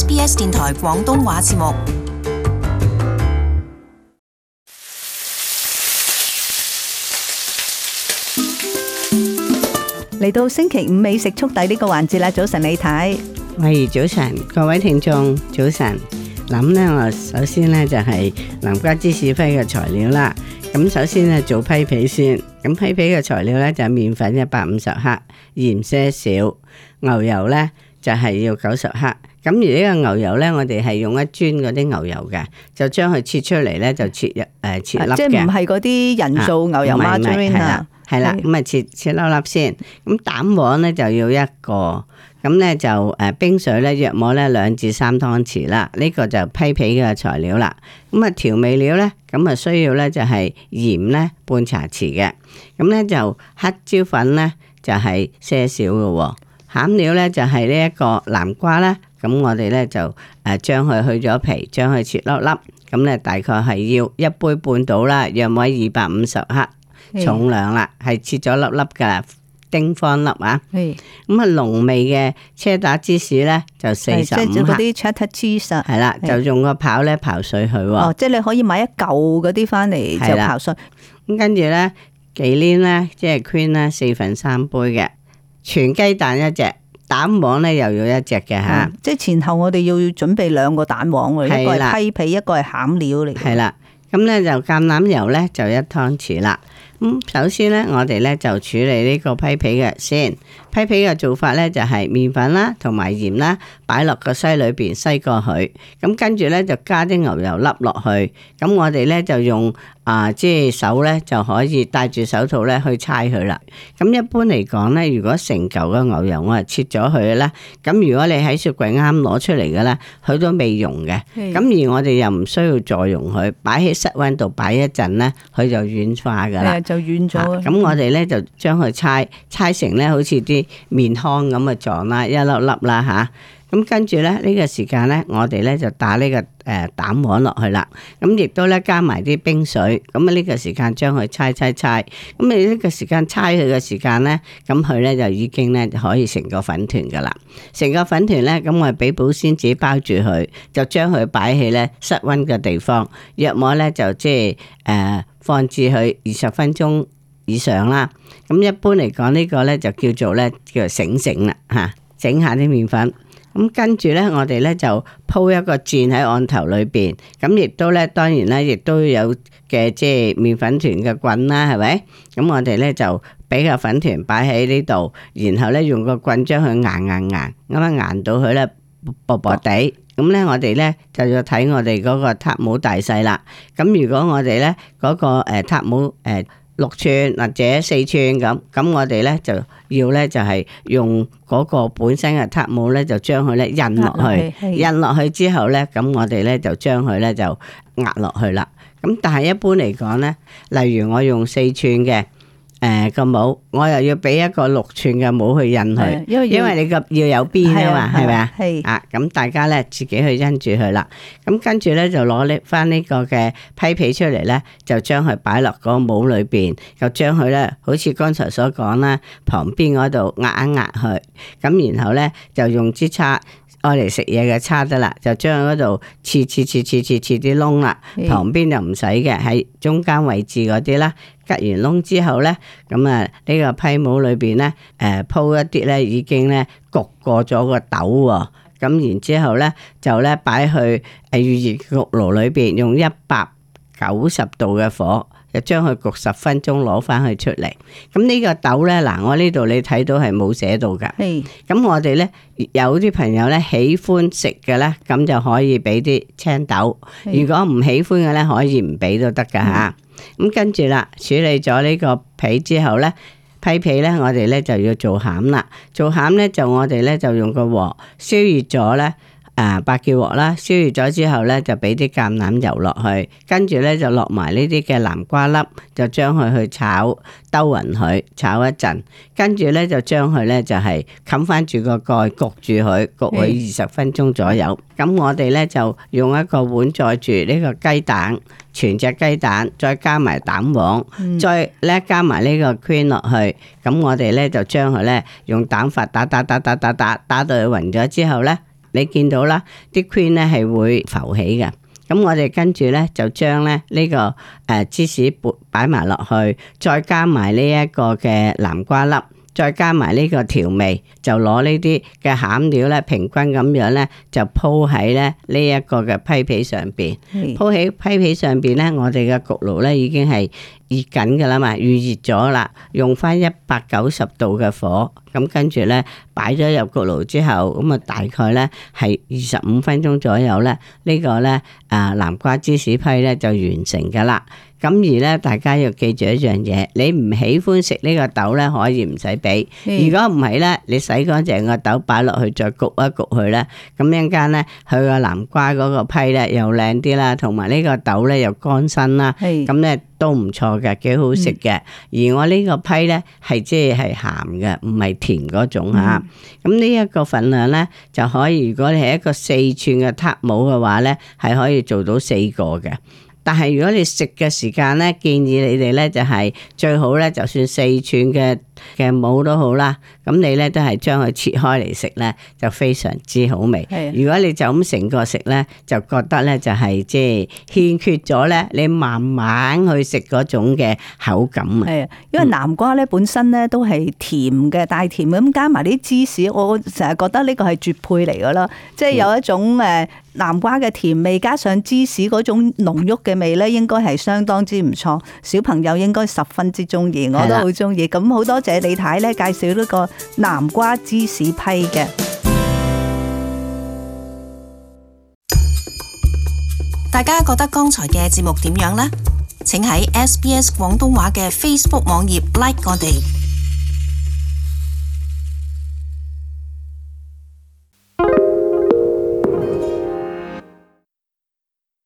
SBS 電台廣東話節目嚟到星期五，美食速遞呢個環節啦。早晨，李太，慧怡，早晨，各位聽眾，早晨。咁咧，我首先咧就係南瓜芝士批嘅材料啦。咁首先咧做批皮先。咁批皮嘅材料咧就係麵粉一百五十克，鹽些少，牛油咧就係要九十克。咁而呢個牛油咧，我哋係用一磚嗰啲牛油嘅，就將佢切出嚟咧，就切入誒、呃、切粒即係唔係嗰啲人造牛油啊？係啦，係啦、啊，咁啊切切粒粒先。咁蛋黃咧就要一個，咁咧就誒冰水咧約摸咧兩至三湯匙啦。呢、這個就批皮嘅材料啦。咁啊調味料咧，咁啊需要咧就係鹽咧半茶匙嘅。咁咧就黑椒粉咧就係、是、些少嘅。餡料咧就係呢一個南瓜啦。咁我哋咧就誒將佢去咗皮，將佢切粒粒。咁咧大概係要一杯半到啦，約埋二百五十克重量啦，係是切咗粒粒噶丁方粒啊。咁啊濃味嘅車打芝士咧就四十五克。係啦、就是 ch，就用個刨咧刨碎佢的。哦，即係你可以買一舊嗰啲翻嚟就刨碎。咁跟住咧，忌廉咧即係、就是、cream 咧四分三杯嘅，全雞蛋一隻。蛋黃咧又要一隻嘅吓，即係前後我哋要準備兩個蛋黃，的一個係批皮，一個係餡料嚟。係啦，咁咧就橄欖油咧就一湯匙啦。首先咧，我哋咧就處理呢個批皮嘅先。批皮嘅做法咧就係麵粉啦，同埋鹽啦，擺落個篩裏邊篩過佢。咁跟住咧就加啲牛油粒落去。咁我哋咧就用啊，即係手咧就可以戴住手套咧去搓佢啦。咁一般嚟講咧，如果成嚿嘅牛油我係切咗佢嘅啦。咁如果你喺雪櫃啱攞出嚟嘅啦，佢都未溶嘅。咁是的 而我哋又唔需要再溶佢，擺喺室溫度擺一陣咧，佢就軟化噶啦。就軟咗啊！咁我哋咧就將佢拆，拆成咧好似啲麵糠咁嘅狀啦，一粒粒啦嚇。咁、啊、跟住咧呢、呢個時間咧，我哋咧就打呢、呢個。誒，蛋黃落去啦，咁亦都咧加埋啲冰水，咁啊呢個時間將佢搓搓搓，咁你呢個時間搓佢嘅時間咧，咁佢咧就已經咧可以成個粉團噶啦，成個粉團咧，咁我俾保鮮紙包住佢，就將佢擺喺咧室溫嘅地方，約摸咧就即係誒、呃、放置佢二十分鐘以上啦。咁一般嚟講呢個咧就叫做咧叫做醒醒啦，吓、啊、整下啲麵粉。咁跟住呢，我哋呢就鋪一個漸喺案頭裏邊，咁亦都呢，當然呢，亦都有嘅即係麵粉團嘅棍啦，係咪？咁我哋呢就俾個粉團擺喺呢度，然後呢用個棍將佢硬，硬硬硬，咁樣硬到佢呢薄薄地。咁呢，我哋呢就要睇我哋嗰個塔姆大細啦。咁如果我哋呢嗰、嗰個、呃、塔姆……誒、呃。六寸或者四寸咁，咁我哋咧就要咧就係用嗰個本身嘅撻模咧，就將佢咧印落去，去印落去之後咧，咁我哋咧就將佢咧就壓落去啦。咁但係一般嚟講咧，例如我用四寸嘅。誒、嗯，個帽我又要俾一個六寸嘅帽去印佢，因為，因為你個要有邊啊嘛，係咪啊？啊，咁大家咧自己去印住佢啦。咁跟住咧就攞呢返呢個嘅批皮出嚟咧，就將佢擺落嗰個帽裏邊，又將佢咧好似剛才所講啦，旁邊嗰度壓一壓佢，咁然後咧就用支叉。攞嚟食嘢嘅叉得啦，就將嗰度切切切切切切啲窿啦，旁邊就唔使嘅，喺中間位置嗰啲啦。吉完窿之後咧，咁啊呢個批帽裏邊咧，誒鋪一啲咧已經咧焗過咗個豆喎，咁然之後咧就咧擺去誒預熱焗爐裏邊，用一百九十度嘅火。將佢焗十分鐘，攞翻佢出嚟。咁呢個豆呢，嗱，我呢度你睇到係冇寫到噶。咁是我哋呢，有啲朋友呢，喜歡食嘅呢，咁就可以俾啲青豆；是如果唔喜歡嘅呢，可以唔俾都得噶吓。咁跟住啦，處理咗呢個皮之後呢，批皮呢，我哋呢就要做餡啦。做餡呢，就我哋呢，就用個鑊燒熱咗呢。啊，白結鑊啦，燒熱咗之後咧，就俾啲橄欖油落去，跟住咧就落埋呢啲嘅南瓜粒，就將佢去炒，兜勻佢，炒一陣，跟住咧就將佢咧就係冚翻住個蓋，焗住佢，焗佢二十分鐘左右。咁的我哋咧就用一個碗載住呢個雞蛋，全隻雞蛋，再加埋蛋黃，嗯、再咧加埋呢個 cream 落去。咁我哋咧就將佢咧用蛋拂打打打打打打，打，打，打，打，打到佢勻咗之後咧。你見到啦，啲 cream 咧係會浮起嘅，咁我哋跟住咧就將呢個芝士擺埋落去，再加埋呢一個嘅南瓜粒。再加埋呢個調味，就攞呢啲嘅餡料咧，平均咁樣咧，就鋪喺咧呢一個嘅批皮上邊。嗯、鋪喺批皮上邊咧，我哋嘅焗爐咧已經係熱緊㗎喇嘛，預熱咗喇，用翻一百九十度嘅火，咁跟住咧擺咗入焗爐之後，咁啊大概咧係二十五分鐘左右咧，這個、呢個咧啊南瓜芝士批咧就完成㗎喇。咁而咧，大家要記住一樣嘢，你唔喜歡食呢個豆咧，可以唔使俾。如果唔係咧，你洗乾淨個豆擺落去再焗一焗佢咧，咁一陣間咧，佢個南瓜嗰個批咧又靚啲啦，同埋呢個豆咧又乾身啦，咁咧都唔錯嘅，幾好食嘅。而我呢個批咧係即係係鹹嘅，唔係甜嗰種嚇。咁呢一個份量咧就可以，如果你係一個四寸嘅撻模嘅話咧，係可以做到四個嘅。但係如果你食嘅時間咧，建議你哋呢，就係最好呢，就算四寸嘅。其實冇都好啦，咁你咧都係將佢切開嚟食咧，就非常之好味。係的，如果你就咁成個食咧，就覺得咧就係即係欠缺咗咧。你慢慢去食嗰種嘅口感啊。係啊，因為南瓜咧本身咧都係甜嘅，但係甜咁加埋啲芝士，我成日覺得呢個係絕配嚟噶啦。即係有一種誒南瓜嘅甜味，加上芝士嗰種濃郁嘅味咧，應該係相當之唔錯。小朋友應該十分之中意，我都好中意。咁好多謝。李太咧介紹呢個南瓜芝士批嘅，大家覺得剛才嘅節目點樣呢？請喺 SBS 廣東話嘅 Facebook 網頁 like 我哋。